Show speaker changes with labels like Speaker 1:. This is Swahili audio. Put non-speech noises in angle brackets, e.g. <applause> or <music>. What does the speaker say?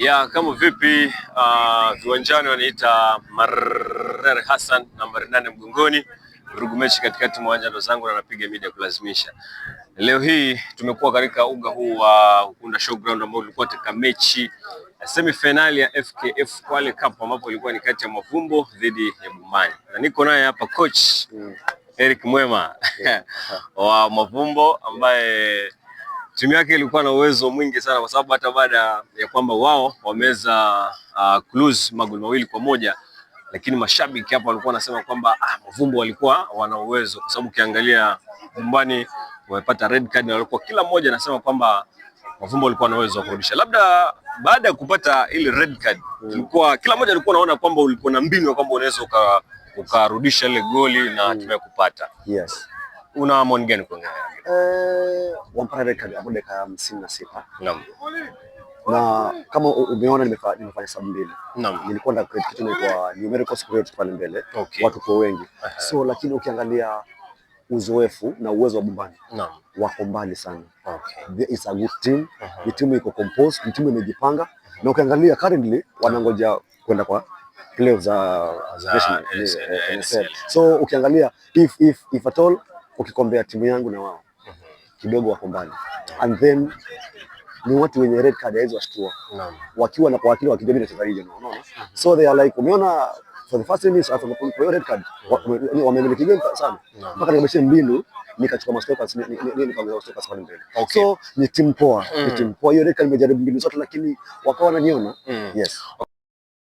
Speaker 1: Ya kama vipi ah, viwanjani uh, wanaita Marere Hassan nambari nane mgongoni rugu mechi katikati mwanja ndo zangu na napiga media kulazimisha. Leo hii tumekuwa katika uga huu wa uh, Ukunda Showground ambao ulikuwa katika mechi semi finali ya FKF Kwale Cup ambapo ilikuwa ni kati ya Mavumbo dhidi ya bumani Na niko naye hapa coach mm. Eric Mwema <laughs> wa Mavumbo ambaye timu yake ilikuwa na uwezo mwingi sana, kwa sababu hata baada ya kwamba wao wameweza uh, close magoli mawili kwa moja, lakini mashabiki hapa walikuwa wanasema kwamba ah, Mavumbo walikuwa wana uwezo, kwa sababu ukiangalia Vumbani wamepata red card na walikuwa kila mmoja anasema kwamba Mavumbo walikuwa na uwezo wa kurudisha. Labda baada ya kupata ile red card tulikuwa hmm. kila mmoja alikuwa anaona kwamba ulikuwa na mbinu kwamba unaweza ukarudisha ile goli na hmm. hatimaye kupata. Yes. Una maoni gani kwa
Speaker 2: eh, Wampara karibu dakika hamsini na sita. Naam. Na kama umeona nimefanya hesabu mbili. Naam. Nilikuwa na create kitu kwa numerical security pale mbele. Okay. Watu kwa wengi. Uh So lakini ukiangalia uzoefu na uwezo wa Bombani Naam. wako mbali sana. Okay. There is a good team. Uh -huh. timu iko composed, ni timu imejipanga. Uh -huh. Na ukiangalia currently wanangoja kwenda kwa playoffs za national. So ukiangalia if if if at all ukikombea timu yangu na wao kidogo wako mbali and then ni watu wenye red card hizo washtua wakiwa na kwa akili wakijamii na inacheza hiyo unaona. so they are like umeona for the first minutes after the hiyo red card wamemiliki game sana mpaka nikabisha mbinu nikachukua mastoka kama mastoka sana mbele so ni timu poa ni mm. timu poa hiyo red card imejaribu mbinu zote lakini wakawa wananiona
Speaker 1: mm. yes